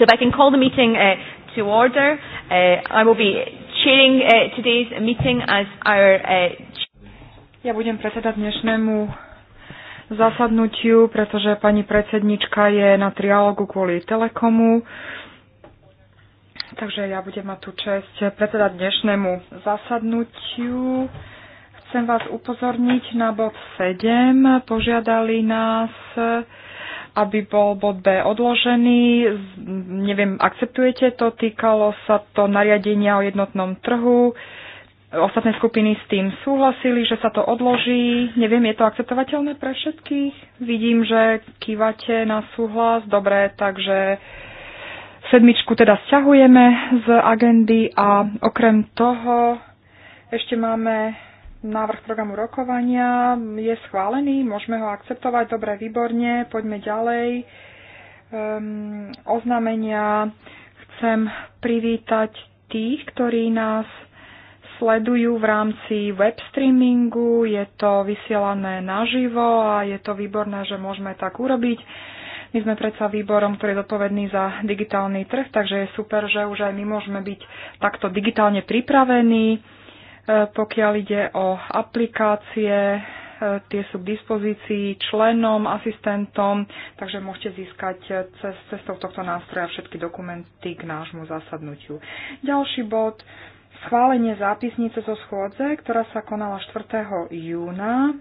So if I can call the meeting uh, to order, uh, I will be chairing uh, today's meeting as our... Uh, ja budem predsedať dnešnému zasadnutiu, pretože pani predsednička je na trialogu kvôli telekomu. Takže ja budem mať tú čest predsedať dnešnému zasadnutiu. Chcem vás upozorniť na bod 7. Požiadali nás uh, aby bol bod B odložený. Neviem, akceptujete to? Týkalo sa to nariadenia o jednotnom trhu. Ostatné skupiny s tým súhlasili, že sa to odloží. Neviem, je to akceptovateľné pre všetkých? Vidím, že kývate na súhlas. Dobre, takže sedmičku teda sťahujeme z agendy a okrem toho ešte máme návrh programu rokovania je schválený, môžeme ho akceptovať, dobre, výborne, poďme ďalej. Um, oznámenia chcem privítať tých, ktorí nás sledujú v rámci web streamingu, je to vysielané naživo a je to výborné, že môžeme tak urobiť. My sme predsa výborom, ktorý je zodpovedný za digitálny trh, takže je super, že už aj my môžeme byť takto digitálne pripravení E, pokiaľ ide o aplikácie, e, tie sú k dispozícii členom, asistentom, takže môžete získať e, cez, cestou tohto nástroja všetky dokumenty k nášmu zasadnutiu. Ďalší bod, schválenie zápisnice zo schôdze, ktorá sa konala 4. júna. E,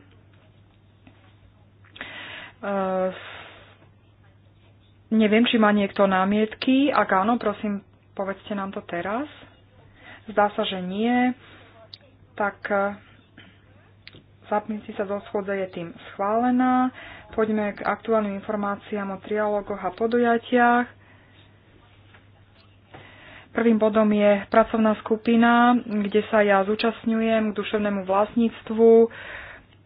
neviem, či má niekto námietky. Ak áno, prosím, povedzte nám to teraz. Zdá sa, že nie tak e, zapnutie sa do schôdze je tým schválená. Poďme k aktuálnym informáciám o trialógoch a podujatiach. Prvým bodom je pracovná skupina, kde sa ja zúčastňujem k duševnému vlastníctvu.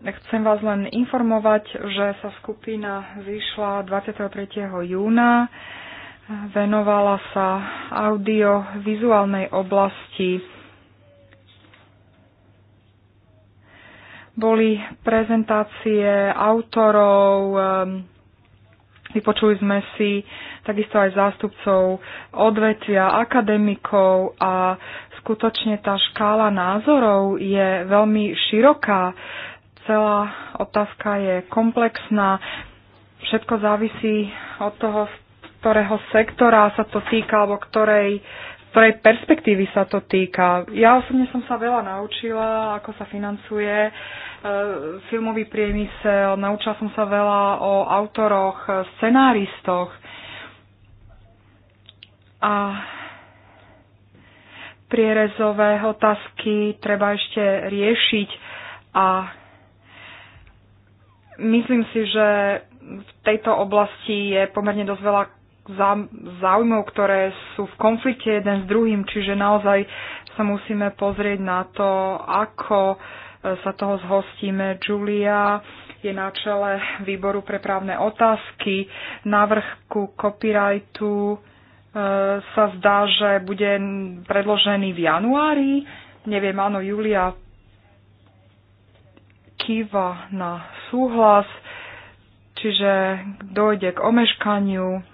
Chcem vás len informovať, že sa skupina zišla 23. júna. Venovala sa audiovizuálnej oblasti Boli prezentácie autorov, ehm, vypočuli sme si takisto aj zástupcov odvetvia, akademikov a skutočne tá škála názorov je veľmi široká. Celá otázka je komplexná. Všetko závisí od toho, z ktorého sektora sa to týka alebo ktorej ktorej perspektívy sa to týka. Ja osobne som sa veľa naučila, ako sa financuje e, filmový priemysel, naučila som sa veľa o autoroch, scenáristoch. A prierezové otázky treba ešte riešiť a myslím si, že v tejto oblasti je pomerne dosť veľa záujmov, ktoré sú v konflikte jeden s druhým, čiže naozaj sa musíme pozrieť na to, ako e, sa toho zhostíme. Julia je na čele výboru pre právne otázky. Návrh ku copyrightu e, sa zdá, že bude predložený v januári. Neviem, áno, Julia kýva na súhlas, čiže dojde k omeškaniu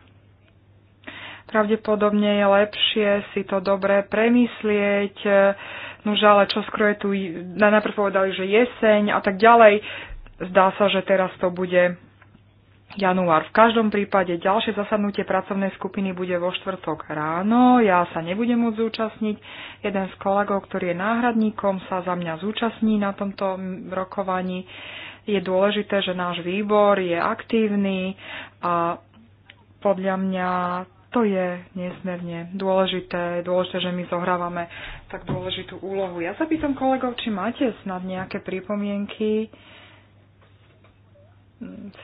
Pravdepodobne je lepšie si to dobre premyslieť, no ale čo skoro je tu, najprv povedali, že jeseň a tak ďalej. Zdá sa, že teraz to bude január. V každom prípade ďalšie zasadnutie pracovnej skupiny bude vo štvrtok ráno. Ja sa nebudem môcť zúčastniť. Jeden z kolegov, ktorý je náhradníkom, sa za mňa zúčastní na tomto rokovaní. Je dôležité, že náš výbor je aktívny a podľa mňa to je nesmierne dôležité, dôležité, že my zohrávame tak dôležitú úlohu. Ja sa pýtam kolegov, či máte snad nejaké pripomienky,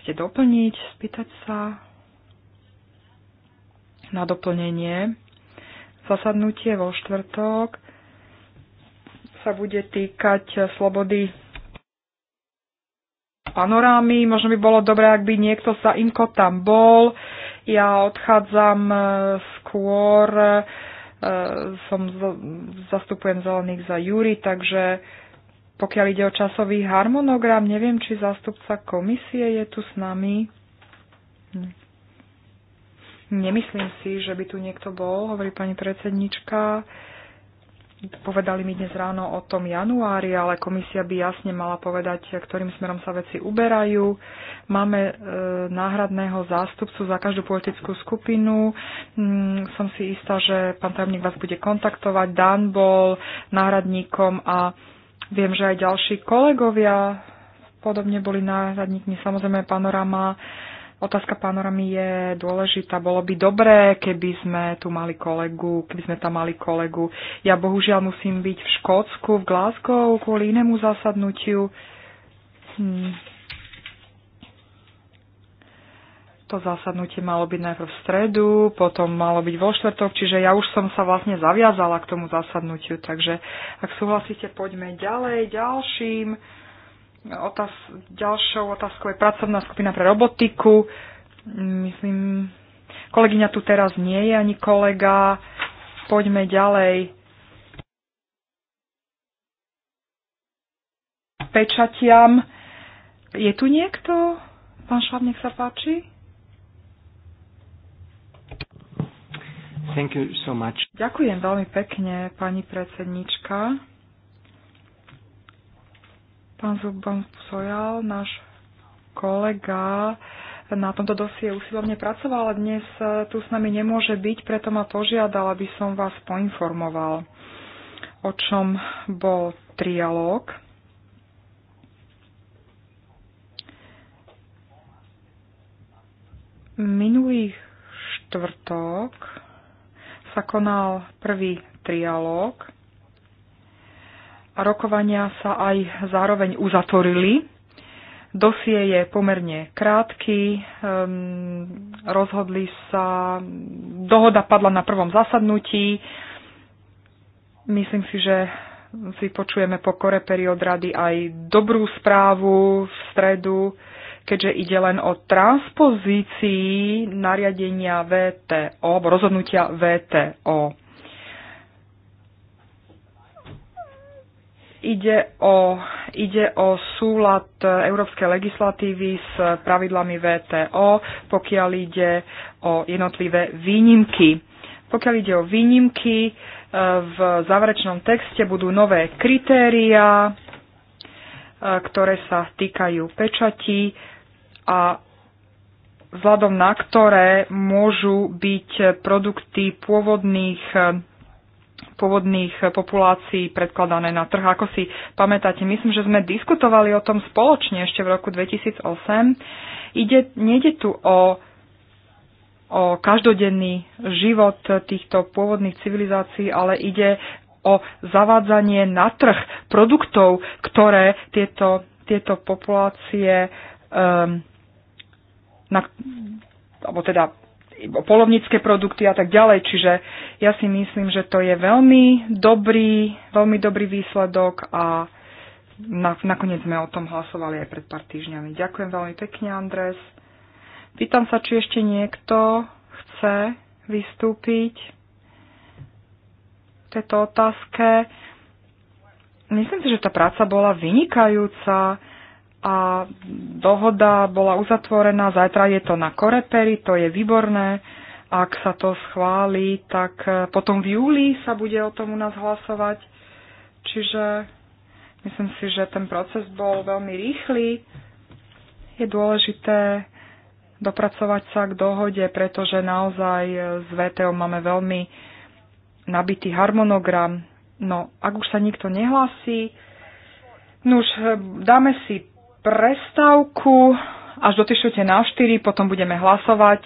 chcete doplniť, spýtať sa na doplnenie. Zasadnutie vo štvrtok sa bude týkať slobody panorámy. Možno by bolo dobré, ak by niekto sa inko tam bol. Ja odchádzam e, skôr, e, som, zastupujem zelených za Júri, takže pokiaľ ide o časový harmonogram, neviem, či zástupca komisie je tu s nami. Hm. Nemyslím si, že by tu niekto bol, hovorí pani predsednička. Uh, povedali mi dnes ráno o tom januári, ale komisia by jasne mala povedať, ktorým smerom sa veci uberajú. Máme e, náhradného zástupcu za každú politickú skupinu. Mm, som si istá, že pán tajomník vás bude kontaktovať. Dan bol náhradníkom a viem, že aj ďalší kolegovia podobne boli náhradníkmi. Samozrejme, panorama Otázka panoramy je dôležitá. Bolo by dobré, keby sme tu mali kolegu, keby sme tam mali kolegu. Ja bohužiaľ musím byť v Škótsku, v Glasgow kvôli inému zasadnutiu. Hm. To zasadnutie malo byť najprv v stredu, potom malo byť vo štvrtok, čiže ja už som sa vlastne zaviazala k tomu zasadnutiu, takže ak súhlasíte, poďme ďalej ďalším Otáz, ďalšou otázkou je pracovná skupina pre robotiku. Myslím, kolegyňa tu teraz nie je ani kolega. Poďme ďalej. Pečatiam. Je tu niekto? Pán Šlap, nech sa páči. Thank you so much. Ďakujem veľmi pekne, pani predsednička. Pán Zubban Sojal, náš kolega, na tomto dosie usilovne pracoval, ale dnes e, tu s nami nemôže byť, preto ma požiadal, aby som vás poinformoval, o čom bol trialóg. Minulý štvrtok sa konal prvý trialóg rokovania sa aj zároveň uzatvorili. Dosie je pomerne krátky, um, rozhodli sa, dohoda padla na prvom zasadnutí. Myslím si, že si počujeme po kore period rady aj dobrú správu v stredu, keďže ide len o transpozícii nariadenia VTO, alebo rozhodnutia VTO. Ide o, ide o súlad európskej legislatívy s pravidlami VTO, pokiaľ ide o jednotlivé výnimky. Pokiaľ ide o výnimky, e, v záverečnom texte budú nové kritéria, e, ktoré sa týkajú pečatí a vzhľadom na ktoré môžu byť produkty pôvodných pôvodných populácií predkladané na trh. Ako si pamätáte, myslím, že sme diskutovali o tom spoločne ešte v roku 2008. Ide, nejde tu o o každodenný život týchto pôvodných civilizácií, ale ide o zavádzanie na trh produktov, ktoré tieto, tieto populácie um, na, alebo teda polovnícke produkty a tak ďalej. Čiže ja si myslím, že to je veľmi dobrý, veľmi dobrý výsledok a na, nakoniec sme o tom hlasovali aj pred pár týždňami. Ďakujem veľmi pekne, Andres. Pýtam sa, či ešte niekto chce vystúpiť v tejto otázke. Myslím si, že tá práca bola vynikajúca a dohoda bola uzatvorená. Zajtra je to na Koreperi, to je výborné. Ak sa to schváli, tak e, potom v júli sa bude o tom u nás hlasovať. Čiže myslím si, že ten proces bol veľmi rýchly. Je dôležité dopracovať sa k dohode, pretože naozaj s VTO máme veľmi nabitý harmonogram. No, ak už sa nikto nehlasí, no už e, dáme si prestávku až do na 4, potom budeme hlasovať.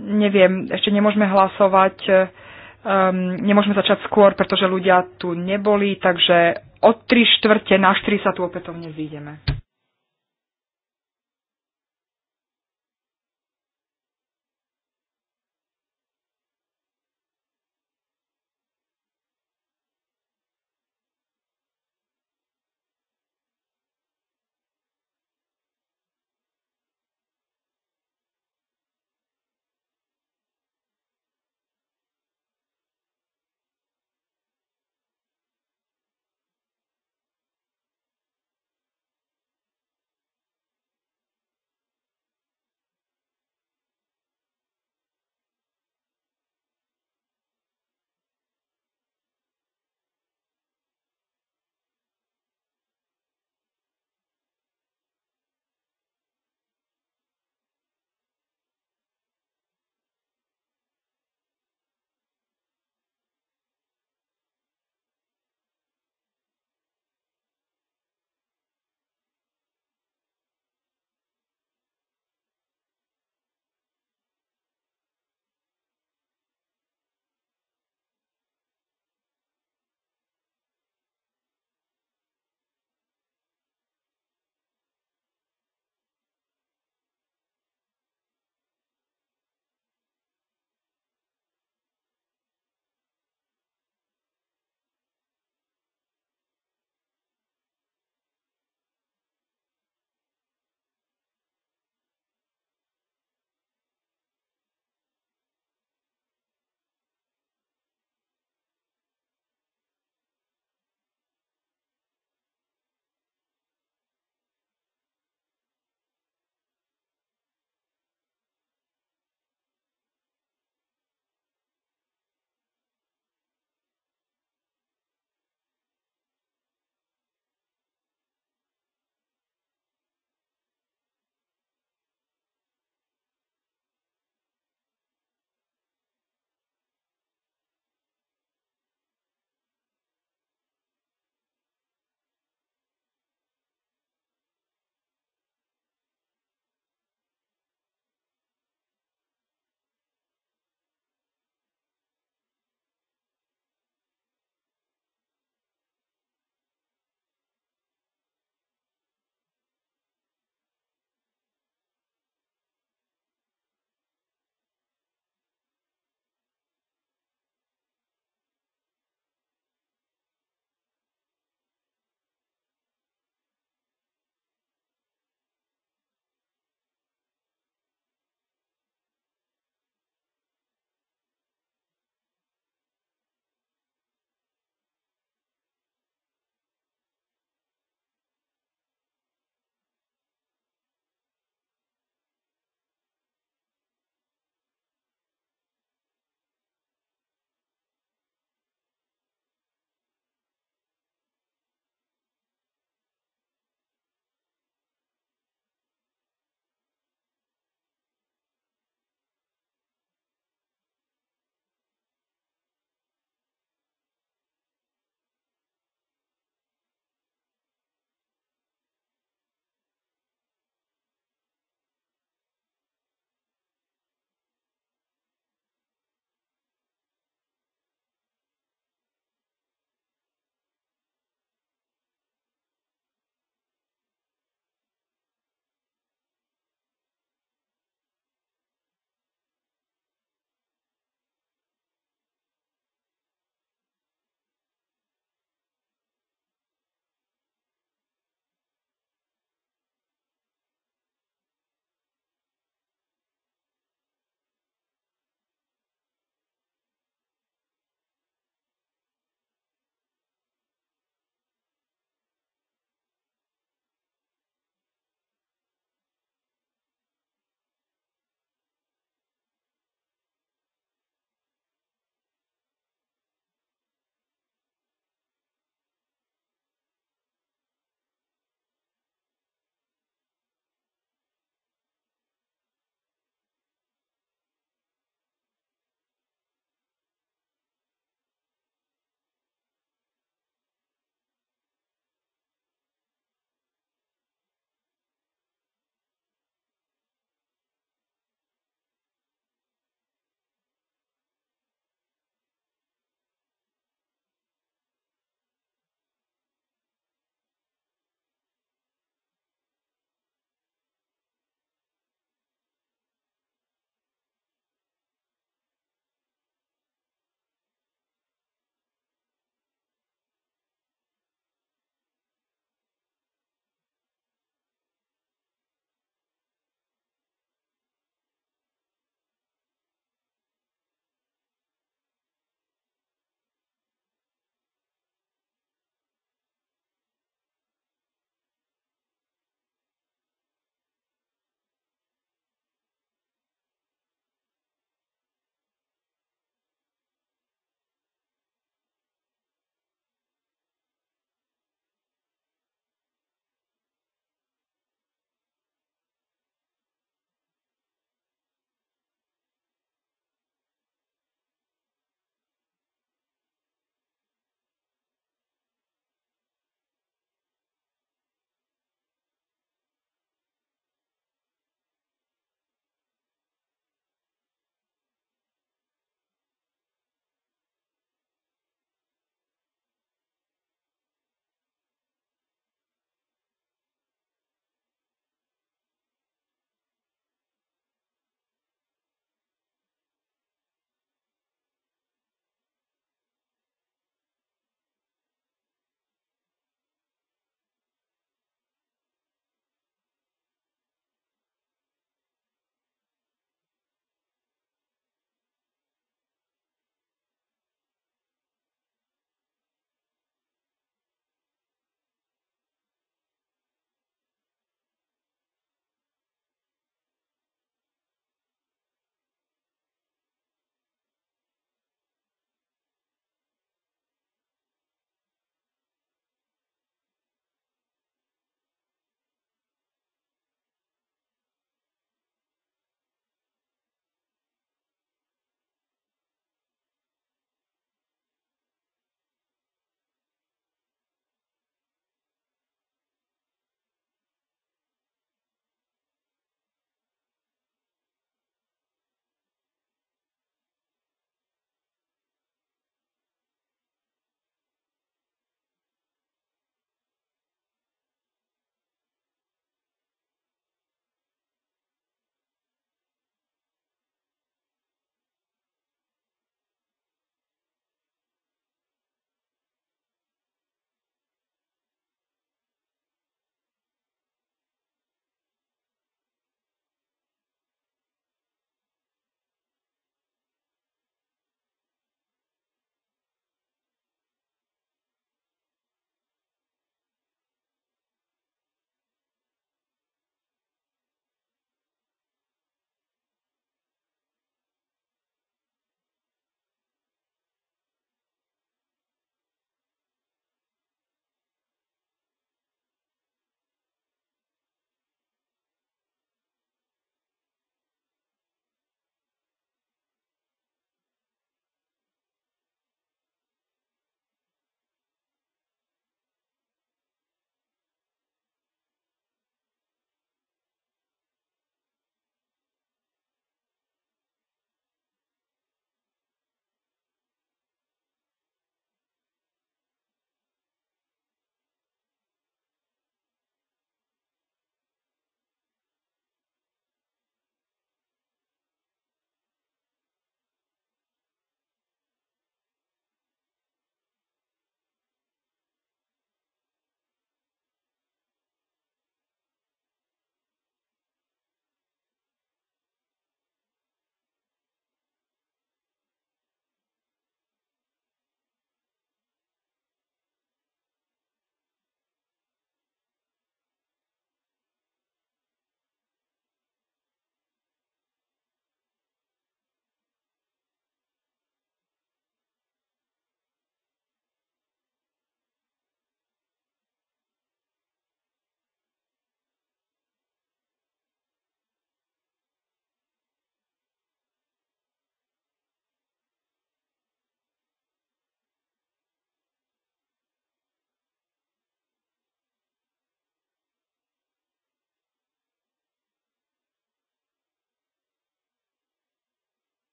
Neviem, ešte nemôžeme hlasovať, um, nemôžeme začať skôr, pretože ľudia tu neboli, takže od 3 štvrte na 4 sa tu opätovne zídeme.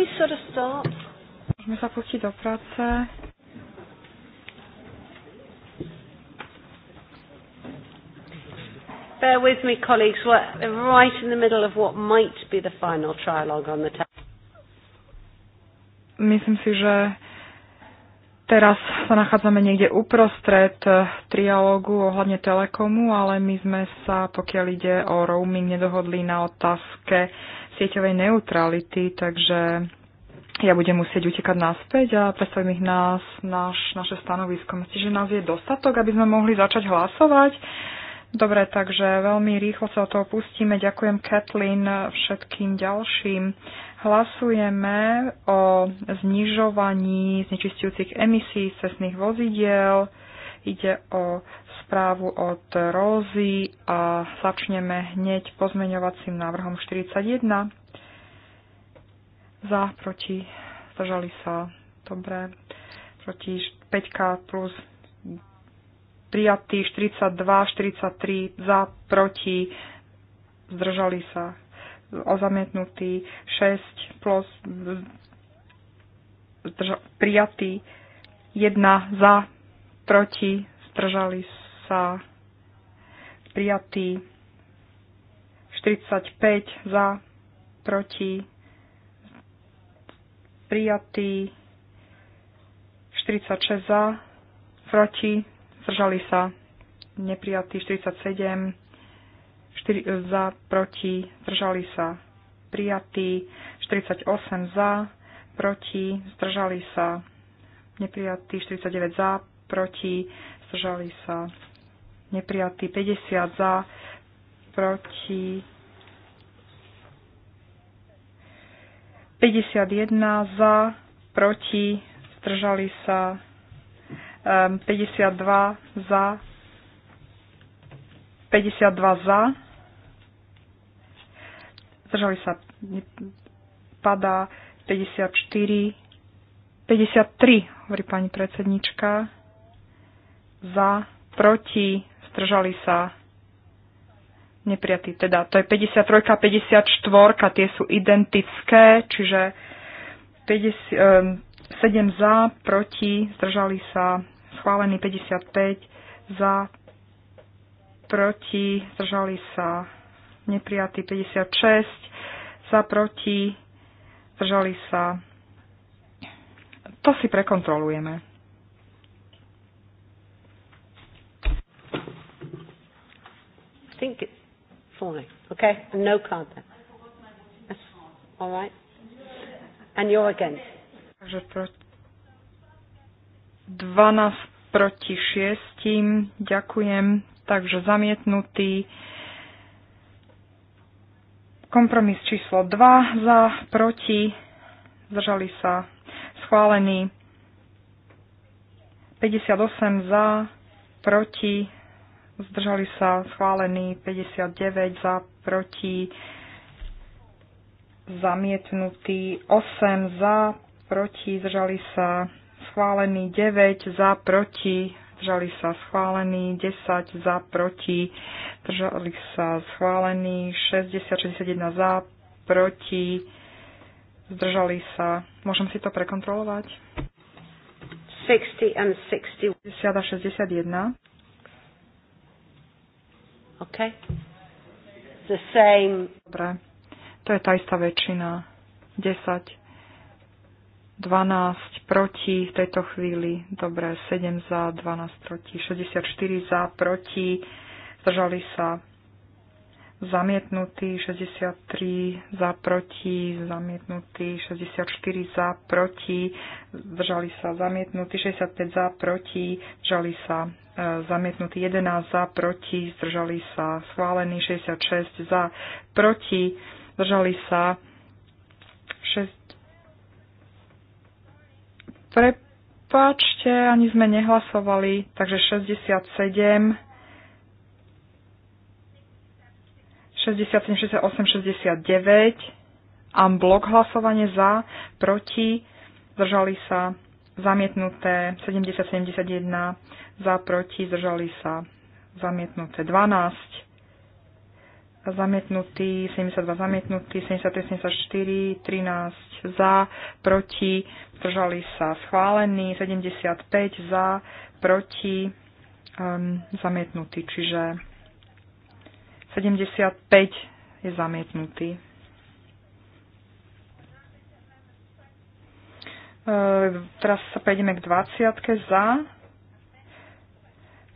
we sort of start? Môžeme sa do práce. Bear with me, colleagues. We're right in the middle of what might be the final trialogue on the Myslím si, že teraz sa nachádzame niekde uprostred eh, trialógu ohľadne telekomu, ale my sme sa, pokiaľ ide o roaming, nedohodli na otázke sieťovej neutrality, takže ja budem musieť utekať naspäť a predstavím ich nás, naš, naše stanovisko. Myslíte, že nás je dostatok, aby sme mohli začať hlasovať? Dobre, takže veľmi rýchlo sa o to opustíme. Ďakujem Kathleen všetkým ďalším. Hlasujeme o znižovaní znečistujúcich emisí cestných vozidiel. Ide o správu od Rózy a začneme hneď pozmeňovacím návrhom 41. Za, proti, zdržali sa, dobre, proti 5 plus prijatý 42, 43, za, proti, zdržali sa, ozamietnutý 6 plus zdrža, prijatý 1 za, proti, zdržali sa, prijatý 45 za, proti, prijatý 46 za, proti, zdržali sa, neprijatý 47, 4 za, proti, zdržali sa, prijatý 48 za, proti, zdržali sa, neprijatý 49 za, proti, zdržali sa neprijatý 50 za, proti 51 za, proti, zdržali sa 52 za, 52 za, zdržali sa, padá 54, 53, hovorí pani predsednička, za, proti, zdržali sa nepriatí. Teda to je 53 a 54, tie sú identické, čiže 50, 7 za, proti, zdržali sa, schválený 55 za, proti, zdržali sa, nepriatí, 56 za, proti, zdržali sa. To si prekontrolujeme. think it's falling. Okay? And no card then. That's all right. And you're against. Takže proti 12 proti 6. Ďakujem. Takže zamietnutý. Kompromis číslo 2 za, proti, zdržali sa, schválení 58 za, proti, zdržali sa schválení 59 za, proti zamietnutý 8 za, proti zdržali sa schválený 9 za, proti zdržali sa schválený 10 za, proti zdržali sa schválený 60, 61 za, proti zdržali sa. Môžem si to prekontrolovať? 60 and 60 a 61. Okay. The same. Dobre. To je tá istá väčšina. 10, 12 proti v tejto chvíli. Dobre, 7 za, 12 proti, 64 za, proti. Zdržali sa zamietnutý, 63 za proti, zamietnutý, 64 za proti, zdržali sa zamietnutý, 65 za proti, zdržali sa e, zamietnutý, 11 za proti, zdržali sa schválený, 66 za proti, zdržali sa 6. Prepáčte, ani sme nehlasovali, takže 67 67, 68, 69. Amblok hlasovanie za, proti, zdržali sa, zamietnuté 70, 71, za, proti, zdržali sa, zamietnuté 12, zamietnutý 72, zamietnutý 73, 74, 13, za, proti, zdržali sa, schválený 75, za, proti, um, zamietnutý, čiže 75 je zamietnutý. E, teraz sa prejdeme k 20 za.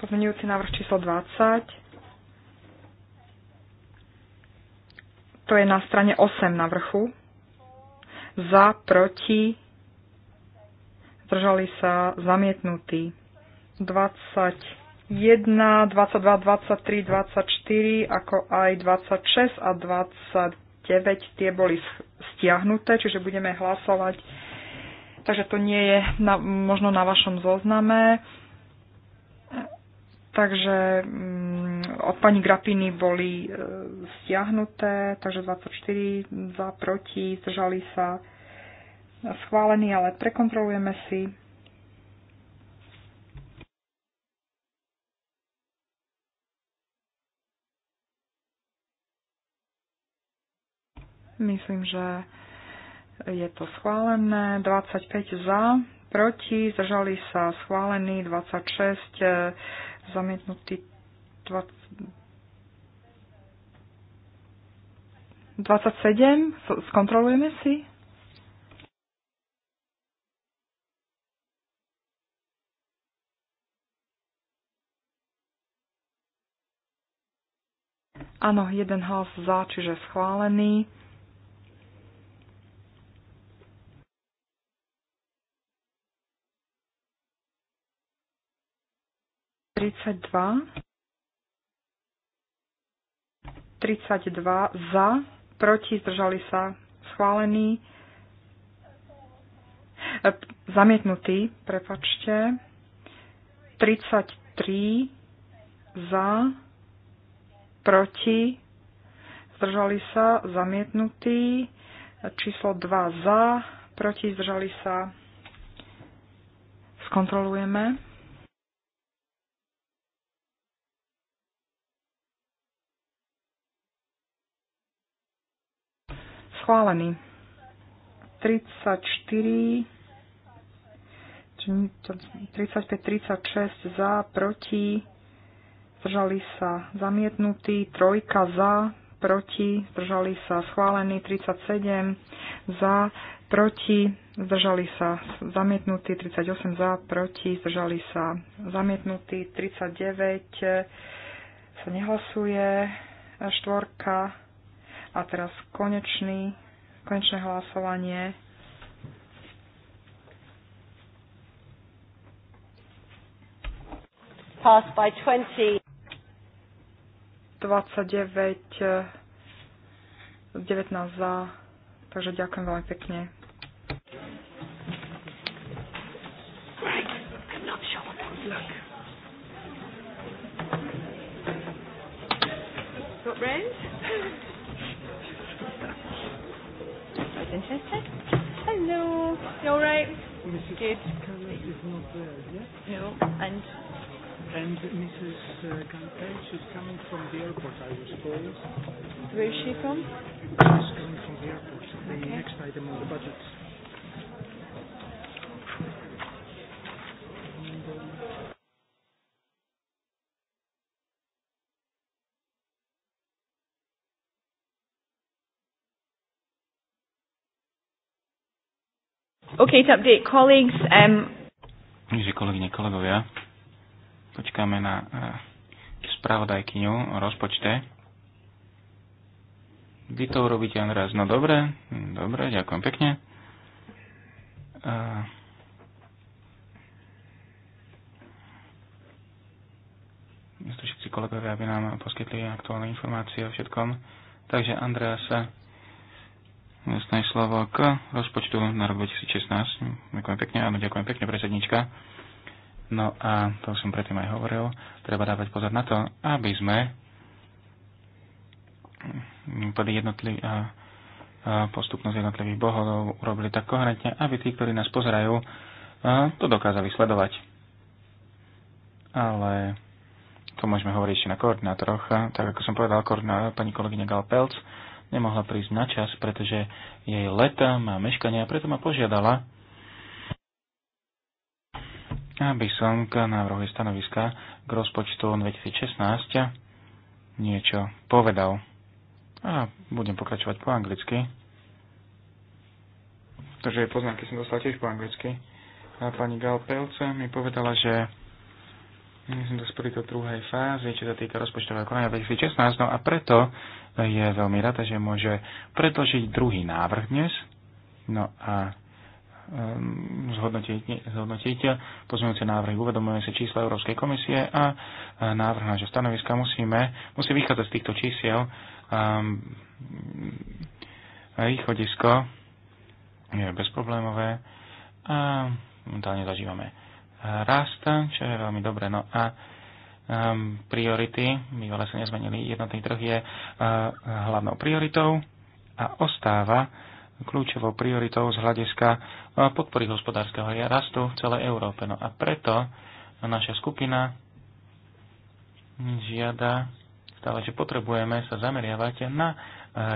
Pozmenujúci návrh číslo 20. to je na strane 8 na vrchu. Za, proti, zdržali sa, zamietnutí. 20. 1, 22, 23, 24, ako aj 26 a 29, tie boli stiahnuté, čiže budeme hlasovať. Takže to nie je na, možno na vašom zozname. Takže mm, od pani Grapiny boli e, stiahnuté, takže 24 za, proti, zdržali sa schválení, ale prekontrolujeme si. Myslím, že je to schválené. 25 za, proti, zdržali sa schválení. 26 zamietnutí. 27, skontrolujeme si. Áno, jeden hlas za, čiže schválený. 32. 32 za, proti, zdržali sa, schválený, e, zamietnutý, prepačte, 33 za, proti, zdržali sa, zamietnutý, e, číslo 2 za, proti, zdržali sa, skontrolujeme. Schválený. 34, 35, 36 za, proti, zdržali sa zamietnutí, trojka za, proti, zdržali sa schválení, 37 za, proti, zdržali sa zamietnutí, 38 za, proti, zdržali sa zamietnutí, 39 sa nehlasuje, štvorka a teraz konečný, konečné hlasovanie. Pass by 20. 29, 19 za. Takže ďakujem veľmi pekne. Look. Got rained? interested. Hello. You all right? Mrs. Good. Carlos is not there, yes? No. And? And Mrs. Uh, Gantel, she's coming from the airport, I was told. Where is she from? She's coming from the airport, the okay. next item on the budget. Okay, to update colleagues. Um... Takže kolegyne, kolegovia, počkáme na uh, spravodajkyňu o rozpočte. Vy to urobíte, Andreas. No dobre, dobre, ďakujem pekne. Uh, eh, Myslím, všetci kolegovia, aby nám poskytli aktuálne informácie o všetkom. Takže Andreas Stanislava k rozpočtu na rok 2016. Ďakujem pekne, áno, ďakujem pekne, predsednička. No a to som predtým aj hovoril, treba dávať pozor na to, aby sme podľa a postupnosť jednotlivých bohov urobili tak koherentne, aby tí, ktorí nás pozerajú, to dokázali sledovať. Ale to môžeme hovoriť ešte na koordinátoroch. Tak ako som povedal, pani kolegyne Galpelc, nemohla prísť na čas, pretože jej leta má meškania a preto ma požiadala, aby som k návrhu stanoviska k rozpočtu 2016 niečo povedal. A budem pokračovať po anglicky. Takže poznámky som dostal tiež po anglicky. A pani Gal Pelce mi povedala, že dospeli mhm, do druhej fázy, čo sa týka rozpočtového konania 2016, no a preto je veľmi rada, že môže predložiť druhý návrh dnes, no a ehm, zhodnotíte, zhodnotiť, pozmeňujúce návrhy. Uvedomujeme si čísla Európskej komisie a návrh nášho stanoviska musíme, musí vychádzať z týchto čísiel. Um, východisko je bezproblémové a momentálne zažívame rasta, čo je veľmi dobré. No a um, priority, veľa sa nezmenili, jednotný trh je uh, hlavnou prioritou a ostáva kľúčovou prioritou z hľadiska uh, podpory hospodárskeho rastu v celej Európe. No a preto naša skupina žiada stále, že potrebujeme sa zameriavať na e,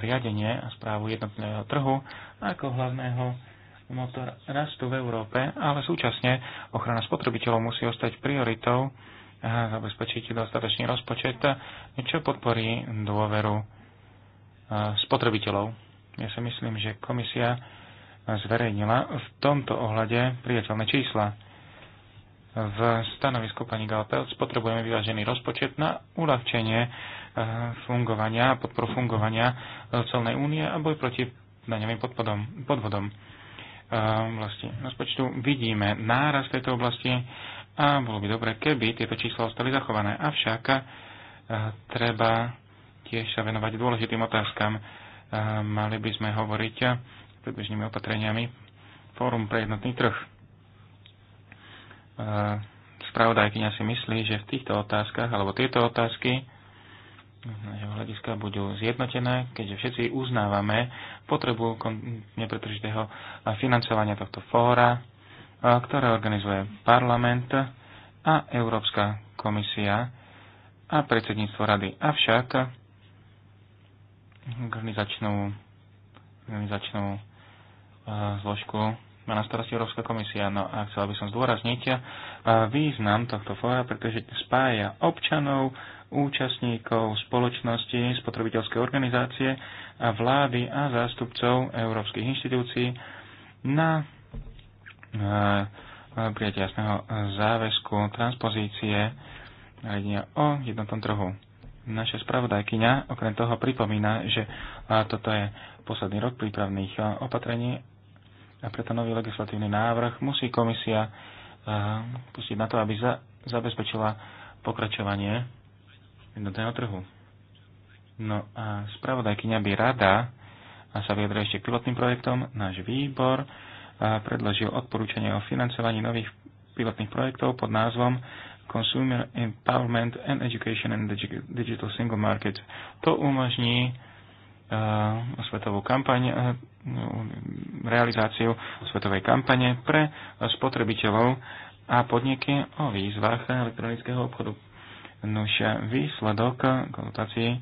riadenie a správu jednotného trhu ako hlavného motor rastu v Európe, ale súčasne ochrana spotrebiteľov musí ostať prioritou a zabezpečiť dostatočný rozpočet, čo podporí dôveru spotrebiteľov. Ja si myslím, že komisia zverejnila v tomto ohľade priateľné čísla. V stanovisku pani Galpelc potrebujeme vyvážený rozpočet na uľahčenie fungovania, podporu fungovania celnej únie a boj proti daňovým podvodom. Ehm, vlastne rozpočtu vidíme náraz v tejto oblasti a bolo by dobre, keby tieto čísla ostali zachované. Avšak eh, treba tiež sa venovať dôležitým otázkam. Ehm, mali by sme hovoriť predbežnými opatreniami Fórum pre jednotný trh. Ehm, spravodajkyňa si myslí, že v týchto otázkach, alebo tieto otázky, nášho hľadiska budú zjednotené, keďže všetci uznávame potrebu nepretržitého financovania tohto fóra, ktoré organizuje parlament a Európska komisia a predsedníctvo rady. Avšak organizačnú, organizačnú zložku má na starosti Európska komisia. No a chcela by som zdôrazniť význam tohto fóra, pretože spája občanov, účastníkov spoločnosti, spotrebiteľské organizácie a vlády a zástupcov európskych inštitúcií e, na prijatie jasného záväzku transpozície nariadenia o jednotnom trhu. Naša spravodajkyňa okrem toho pripomína, že toto je posledný rok prípravných opatrení a preto nový legislatívny návrh musí komisia pustiť na to, aby zabezpečila pokračovanie jednotného trhu. No a spravodajkyňa by rada a sa vyjadra ešte k pilotným projektom. Náš výbor predložil odporúčanie o financovaní nových pilotných projektov pod názvom Consumer Empowerment and Education and Digital Single Market. To umožní uh, svetovú kampaň, uh, realizáciu svetovej kampane pre spotrebiteľov a podniky o výzvach elektronického obchodu. Nuž výsledok konzultácií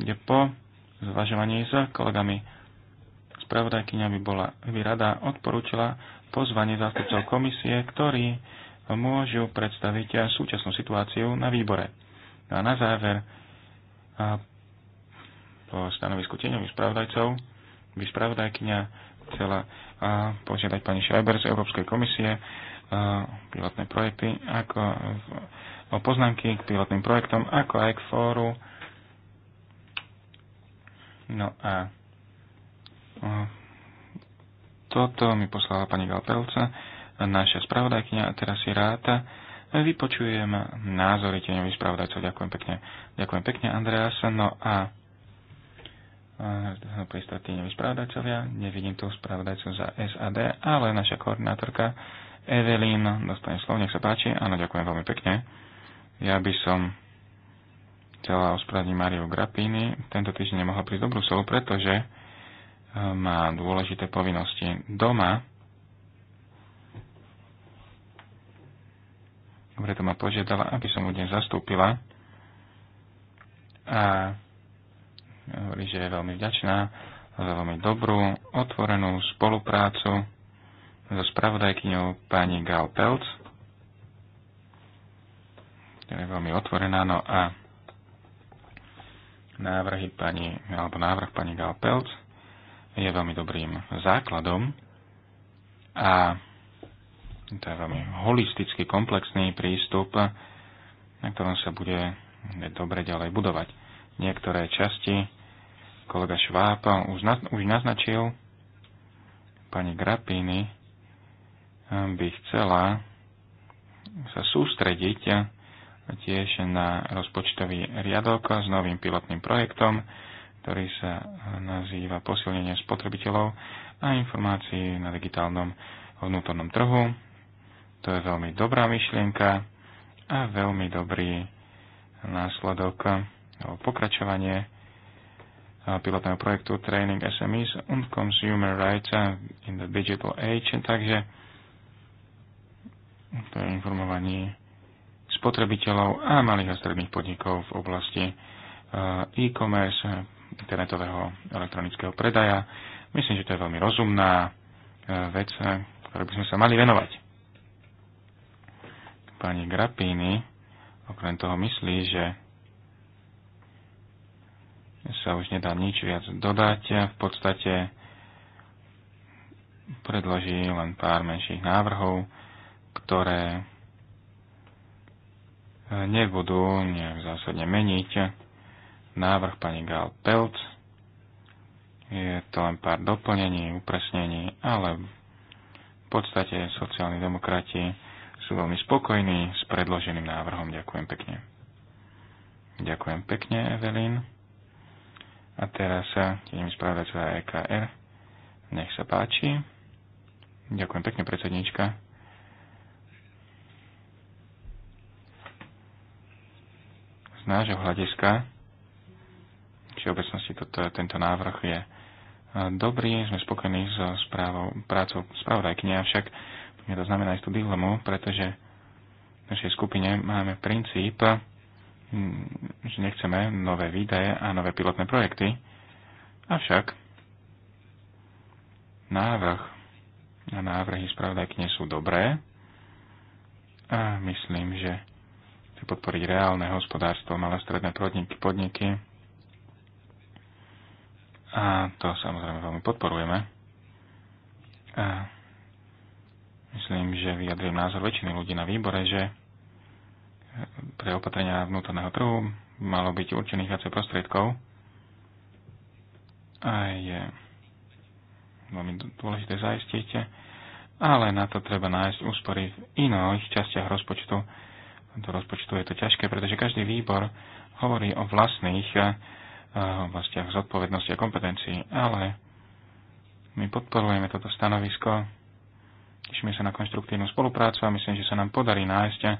je po zvažovaní s kolegami. Spravodajkyňa by, bola, by rada odporúčila pozvanie zástupcov komisie, ktorí môžu predstaviť súčasnú situáciu na výbore. No a na záver, a po stanovisku tieňových spravodajcov, by spravodajkyňa chcela požiadať pani Schreiber z Európskej komisie, pilotné projekty, ako o poznámky k pilotným projektom, ako aj k fóru. No a toto mi poslala pani Galpelca, naša spravodajkňa, a teraz si ráta. Vypočujem názory tieňových spravodajcov. Ďakujem pekne. Ďakujem pekne, Andreas. No a no, priestor tieňových spravodajcovia. Nevidím tu spravodajcov za SAD, ale naša koordinátorka Evelyn, dostane slovo, nech sa páči. Áno, ďakujem veľmi pekne. Ja by som chcela ospravedlniť Mariu Grapini. Tento týždeň nemohla prísť do Bruselu, pretože eh, má dôležité povinnosti doma. Preto ma požiadala, aby som ju dnes zastúpila. A hovorí, že je veľmi vďačná za veľmi dobrú, otvorenú spoluprácu so spravodajkyňou pani Gal Pelc, ktorá je veľmi otvorená, no a návrhy pani, alebo návrh pani Gal Pelc je veľmi dobrým základom a to je veľmi holistický, komplexný prístup, na ktorom sa bude dobre ďalej budovať. Niektoré časti kolega Šváb už, naznačil pani Grapiny by chcela sa sústrediť tiež na rozpočtový riadok s novým pilotným projektom, ktorý sa nazýva posilnenie spotrebiteľov a informácií na digitálnom vnútornom trhu. To je veľmi dobrá myšlienka a veľmi dobrý následok alebo pokračovanie pilotného projektu Training SMEs on Consumer Rights in the Digital Age. Takže to je informovanie spotrebiteľov a malých a stredných podnikov v oblasti eh, e-commerce, internetového elektronického predaja. Myslím, že to je veľmi rozumná eh, vec, ktoré by sme sa mali venovať. Pani Grappini okrem toho myslí, že sa už nedá nič viac dodať. V podstate predloží len pár menších návrhov, ktoré eh, nebudú nejak zásadne meniť. Návrh pani Gal Pelc je to len pár doplnení, upresnení, ale v podstate sociálni demokrati sú veľmi spokojní s predloženým návrhom. Ďakujem pekne. Ďakujem pekne, Evelyn. A teraz sa idem spravedať za EKR. Nech sa páči. Ďakujem pekne, predsednička. nášho hľadiska, obecnosti toto, tento návrh je e, dobrý, sme spokojní so správou, prácou spravodajkyne, avšak to znamená istú dilemu, pretože v našej skupine máme princíp, že nechceme nové výdaje a nové pilotné projekty. Avšak návrh a návrhy spravodajkne sú dobré a myslím, že chce podporiť reálne hospodárstvo, malé stredné podniky, podniky. A to samozrejme veľmi podporujeme. A myslím, že vyjadrujem názor väčšiny ľudí na výbore, že pre opatrenia vnútorného trhu malo byť určených viacej prostriedkov. A je veľmi dôležité zaistiť, ale na to treba nájsť úspory v iných častiach rozpočtu, do rozpočtu je to ťažké, pretože každý výbor hovorí o vlastných eh, oblastiach zodpovednosti a kompetencií, ale my podporujeme toto stanovisko, tešíme sa na konštruktívnu spoluprácu a myslím, že sa nám podarí nájsť eh,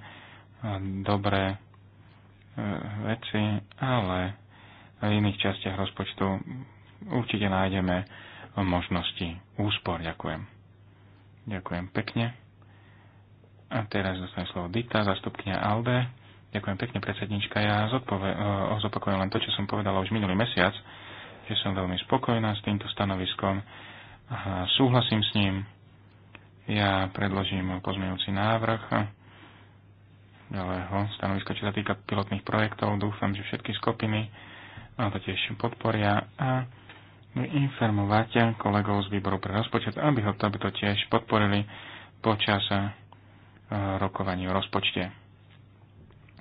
dobré eh, veci, ale v iných častiach rozpočtu určite nájdeme možnosti úspor. Ďakujem. Ďakujem pekne. A teraz dostane slovo Dita, zastupkynia Alde. Ďakujem pekne, predsednička. Ja zodpove- zopakujem len to, čo som povedala už minulý mesiac, že som veľmi spokojná s týmto stanoviskom. A súhlasím s ním. Ja predložím pozmeňujúci návrh ďalého stanoviska, čo sa týka pilotných projektov. Dúfam, že všetky skupiny to tiež podporia a informovať kolegov z výboru pre rozpočet, aby ho to, aby to tiež podporili počas rokovaní o rozpočte.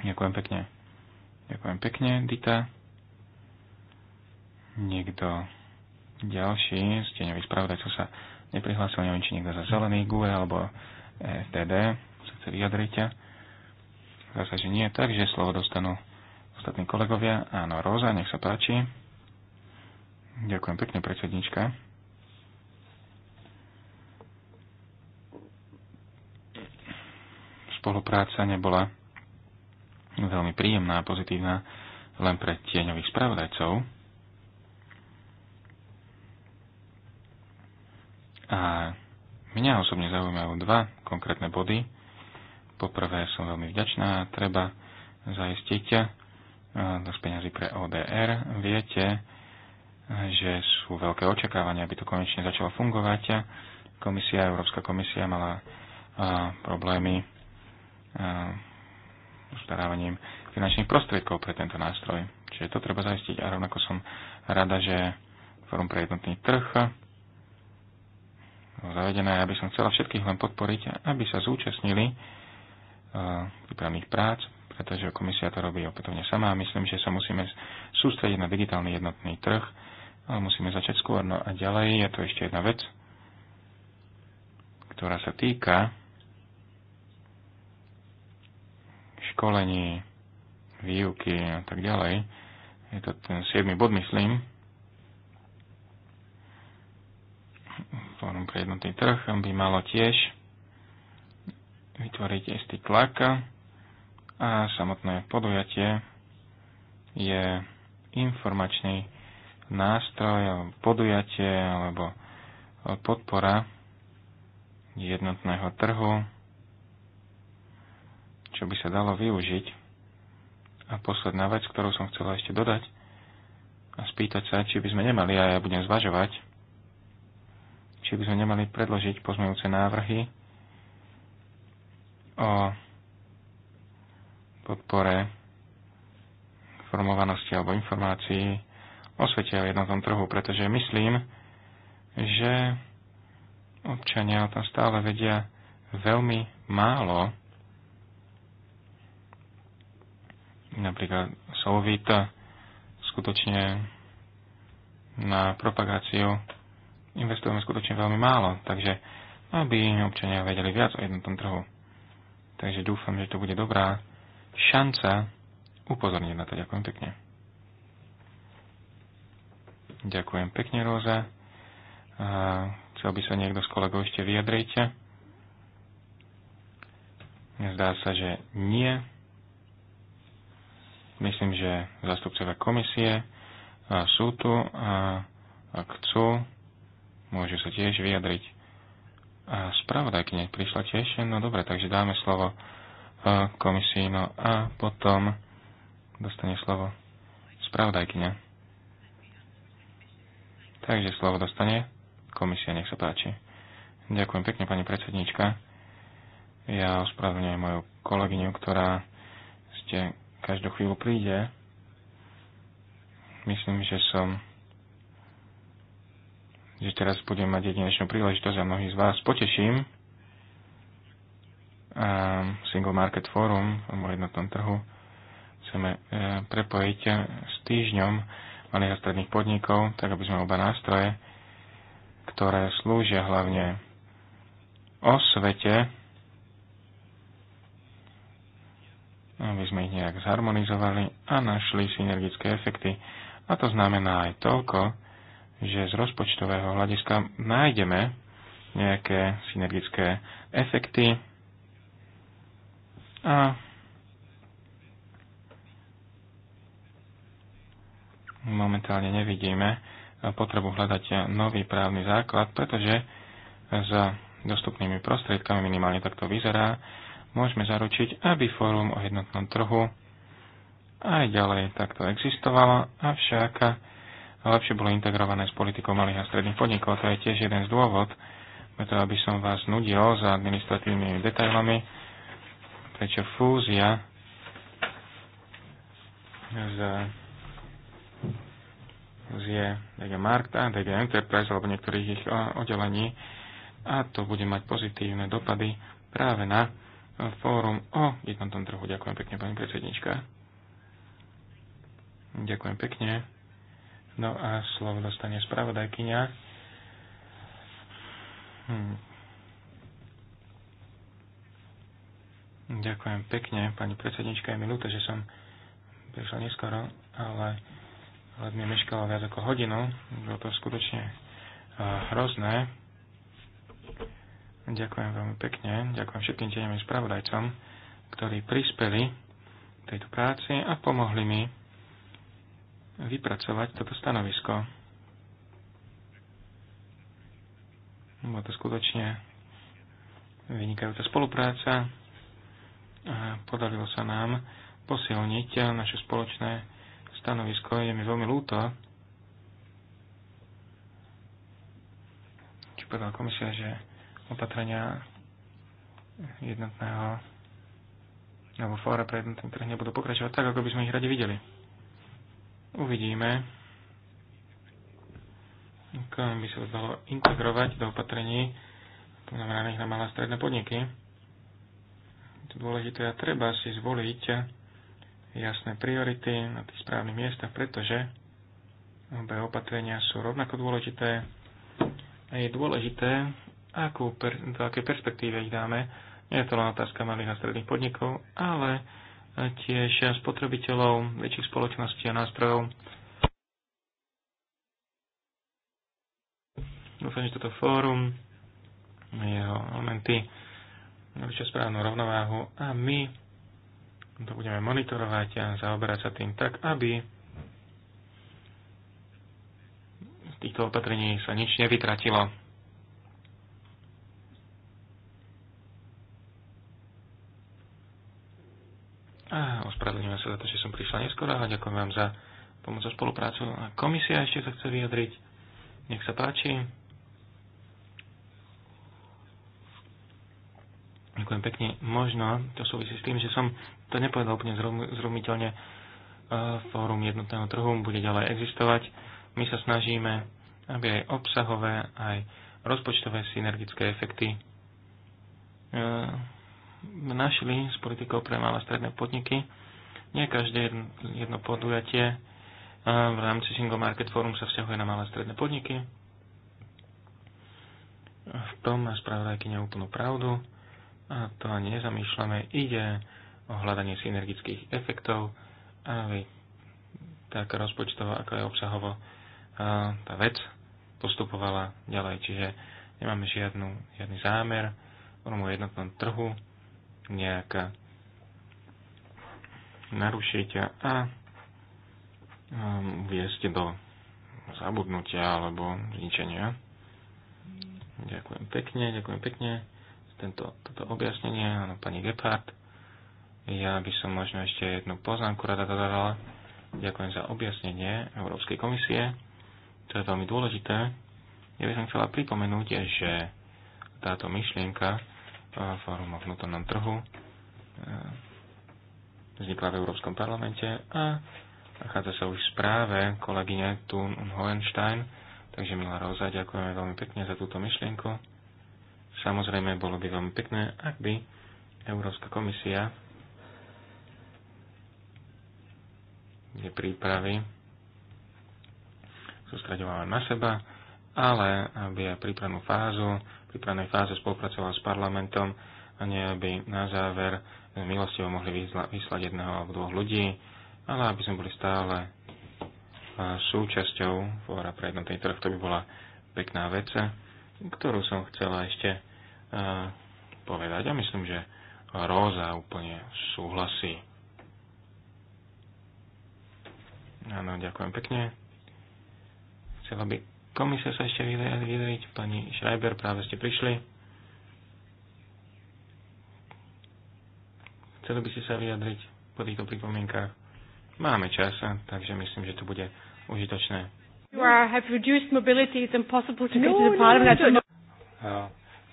Ďakujem pekne. Ďakujem pekne, Dita. Niekto ďalší z teňových spravodajcov sa neprihlásil, neviem, či niekto za zelený GUE alebo e FDD sa chce vyjadriť. Zase, že nie, takže slovo dostanú ostatní kolegovia. Áno, Róza, nech sa páči. Ďakujem pekne, predsednička. spolupráca nebola veľmi príjemná a pozitívna len pre tieňových spravodajcov. A mňa osobne zaujímajú dva konkrétne body. Poprvé som veľmi vďačná, treba zaistiť e, dosť peňazí pre ODR. Viete, že sú veľké očakávania, aby to konečne začalo fungovať. Komisia, Európska komisia mala e, problémy starávaním eh, finančných prostriedkov pre tento nástroj. Čiže to treba zaistiť a rovnako som rada, že Fórum pre jednotný trh zavedené. Ja by som chcela všetkých len podporiť, aby sa zúčastnili eh, prípravných prác, pretože komisia to robí opätovne sama a myslím, že sa musíme sústrediť na digitálny jednotný trh, ale musíme začať skôr. No a ďalej je tu ešte jedna vec, ktorá sa týka školení, výuky a tak ďalej. Je to ten 7. bod, myslím. Fórum pre jednotný trh by malo tiež vytvoriť istý tlak a samotné podujatie je informačný nástroj alebo podujatie alebo podpora jednotného trhu čo by sa dalo využiť. A posledná vec, ktorú som chcela ešte dodať a spýtať sa, či by sme nemali, a ja budem zvažovať, či by sme nemali predložiť pozmejúce návrhy o podpore informovanosti alebo informácií o svete a jednotnom trhu, pretože myslím, že občania o stále vedia veľmi málo napríklad Solvita, skutočne na propagáciu investujeme skutočne veľmi málo, takže aby občania vedeli viac o jednotnom trhu. Takže dúfam, že to bude dobrá šanca upozorniť na to. Ďakujem pekne. Ďakujem pekne, Róza. Chcel by sa niekto z kolegov ešte vyjadriť? Zdá sa, že nie. Myslím, že zastupcovia komisie sú tu a ak chcú, môžu sa tiež vyjadriť. A spravodajkyne prišla tiež, no dobre, takže dáme slovo komisii, no a potom dostane slovo spravodajkyne. Takže slovo dostane komisia, nech sa páči. Ďakujem pekne, pani predsednička. Ja ospravedlňujem moju kolegyňu, ktorá ste každú chvíľu príde. Myslím, že som že teraz budem mať jedinečnú príležitosť a mnohých z vás poteším. A Single Market Forum o jednotnom trhu chceme e, prepojiť e, s týždňom malých a stredných podnikov, tak aby sme oba nástroje, ktoré slúžia hlavne o svete, aby sme ich nejak zharmonizovali a našli synergické efekty. A to znamená aj toľko, že z rozpočtového hľadiska nájdeme nejaké synergické efekty a momentálne nevidíme potrebu hľadať nový právny základ, pretože s dostupnými prostriedkami minimálne takto vyzerá, môžeme zaručiť, aby fórum o jednotnom trhu aj ďalej takto existovalo, avšak lepšie bolo integrované s politikou malých a stredných podnikov. To je tiež jeden z dôvod, preto aby som vás nudil za administratívnymi detailami, prečo fúzia z, z je DG Markt a DG Enterprise alebo niektorých ich eh, oddelení a to bude mať pozitívne dopady práve na fórum o jednotnom trhu. Ďakujem pekne, pani predsednička. Ďakujem pekne. No a slovo dostane spravodajkyňa. Hm. Ďakujem pekne, pani predsednička. Je mi ľúto, že som prišla neskoro, ale let mi meškalo viac ako hodinu. Bolo to skutočne eh, hrozné. Ďakujem veľmi pekne. Ďakujem všetkým a spravodajcom, ktorí prispeli tejto práci a pomohli mi vypracovať toto stanovisko. Bolo to skutočne vynikajúca spolupráca a podarilo sa nám posilniť naše spoločné stanovisko. Je mi veľmi ľúto, či povedala komisia, že opatrenia jednotného alebo fóra pre jednotný trh nebudú pokračovať tak, ako by sme ich radi videli. Uvidíme, ako by sa dalo integrovať do opatrení zameraných na malé stredné podniky. To dôležité a treba si zvoliť jasné priority na tých správnych miestach, pretože obe opatrenia sú rovnako dôležité a je dôležité akú per, do akej perspektíve ich dáme. Nie je to len otázka malých a stredných podnikov, ale e, tiež spotrebiteľov, väčších spoločností a nástrojov. Dúfam, že toto fórum, jeho momenty, určite správnu rovnováhu a my to budeme monitorovať a zaoberať sa tým tak, aby z týchto opatrení sa nič nevytratilo ospravedlňujem sa za to, že som prišla neskoro a ďakujem vám za pomoc a spoluprácu. A komisia ešte sa chce vyjadriť. Nech sa páči. Ďakujem pekne. Možno to súvisí s tým, že som to nepovedal úplne zrozumiteľne. E, fórum jednotného trhu bude ďalej existovať. My sa snažíme, aby aj obsahové, aj rozpočtové synergické efekty e, našli s politikou pre malé stredné podniky nie každé jedno podujatie v rámci Single Market Forum sa vzťahuje na malé stredné podniky. V tom má aj neúplnú pravdu a to ani nezamýšľame. Ide o hľadanie synergických efektov a vy, tak rozpočtovo ako aj obsahovo tá vec postupovala ďalej. Čiže nemáme žiadnu, žiadny zámer o jednotnom trhu nejaká narušiť a um, viesť do zabudnutia alebo zničenia. Ďakujem pekne, ďakujem pekne tento, toto objasnenie, áno, pani Gephardt. Ja by som možno ešte jednu poznámku rada dodala. Ďakujem za objasnenie Európskej komisie. To je veľmi dôležité. Ja by som chcela pripomenúť, že táto myšlienka uh, v fórum o vnútornom trhu uh, vznikla v Európskom parlamente a nachádza sa už v správe kolegyne Thun und Hohenstein. Takže milá Róza, ďakujeme veľmi pekne za túto myšlienku. Samozrejme, bolo by veľmi pekné, ak by Európska komisia kde prípravy sústraďovala na seba, ale aby aj prípravnú fázu, prípravnej fáze spolupracovala s parlamentom a nie aby na záver milostivo mohli vyslať jedného alebo dvoch ľudí, ale aby sme boli stále súčasťou fóra pre jednotný trh, to by bola pekná vec, ktorú som chcela ešte povedať. A myslím, že Róza úplne súhlasí. Áno, ďakujem pekne. Chcela by komisia sa ešte vydať, pani Schreiber, práve ste prišli. Chceli by ste sa vyjadriť po týchto pripomienkách? Máme čas, takže myslím, že to bude užitočné. No, no, no,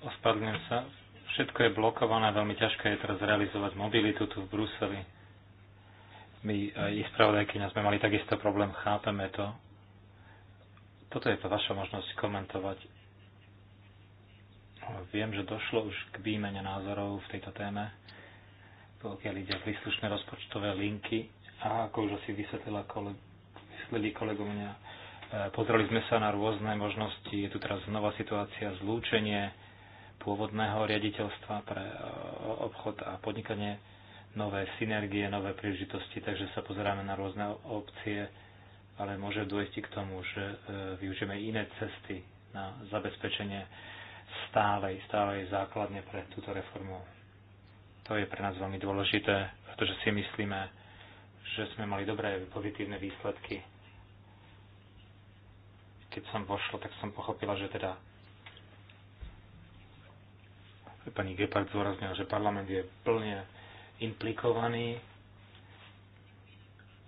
Ospadnem sa. Všetko je blokované, veľmi ťažké je teraz realizovať mobilitu tu v Bruseli. My aj spravodajky sme mali takisto problém, chápeme to. Toto je to vaša možnosť komentovať. Viem, že došlo už k výmene názorov v tejto téme pokiaľ ide o príslušné rozpočtové linky. A ako už asi vysvetlila koleg- vysvetlili kolegovňa, e, pozreli sme sa na rôzne možnosti. Je tu teraz nová situácia, zlúčenie pôvodného riaditeľstva pre e, obchod a podnikanie, nové synergie, nové príležitosti, takže sa pozeráme na rôzne opcie, ale môže dôjsť k tomu, že e, využijeme iné cesty na zabezpečenie stálej, stálej základne pre túto reformu to je pre nás veľmi dôležité, pretože si myslíme, že sme mali dobré pozitívne výsledky. Keď som vošla, tak som pochopila, že teda pani Gepard zúraznila, že parlament je plne implikovaný.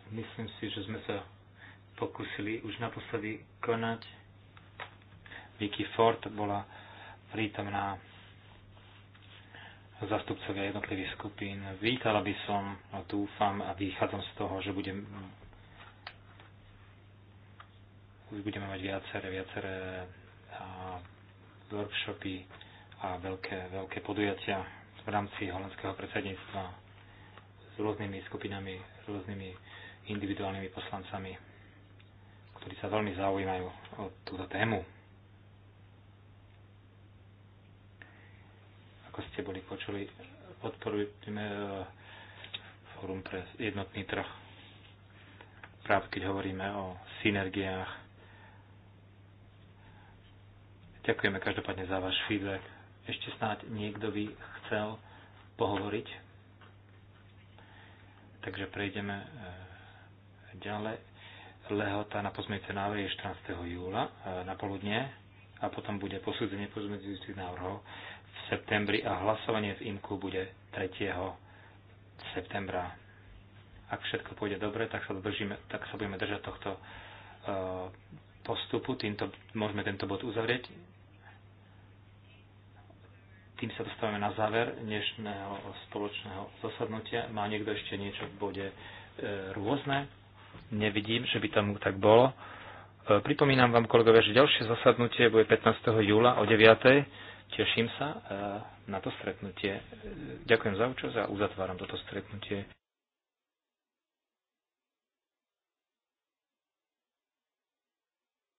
Myslím si, že sme sa pokúsili už naposledy konať. Vicky Ford bola prítomná zastupcovia jednotlivých skupín. Vítala by som a dúfam a vychádzam z toho, že budem, už budeme mať viaceré, viaceré a workshopy a veľké, veľké podujatia v rámci holandského predsedníctva s rôznymi skupinami, rôznymi individuálnymi poslancami, ktorí sa veľmi zaujímajú o túto tému. ako ste boli počuli, podporujeme e, Fórum pre jednotný trh. Práve keď hovoríme o synergiách. Ďakujeme každopádne za váš feedback. Ešte snáď niekto by chcel pohovoriť. Takže prejdeme e, ďalej. Lehota na pozmeňujúce návrhy je 14. júla e, na poludne a potom bude posúdenie pozmeňujúcich návrhov v septembri a hlasovanie v IMKU bude 3. septembra. Ak všetko pôjde dobre, tak sa, držíme, tak sa budeme držať tohto e, postupu. Týmto môžeme tento bod uzavrieť. Tým sa dostávame na záver dnešného spoločného zasadnutia. Má niekto ešte niečo v bode e, rôzne? Nevidím, že by tomu tak bolo. E, pripomínam vám, kolegovia, že ďalšie zasadnutie bude 15. júla o 9. Teším sa eh, na to stretnutie. Ďakujem za účasť a uzatváram toto stretnutie.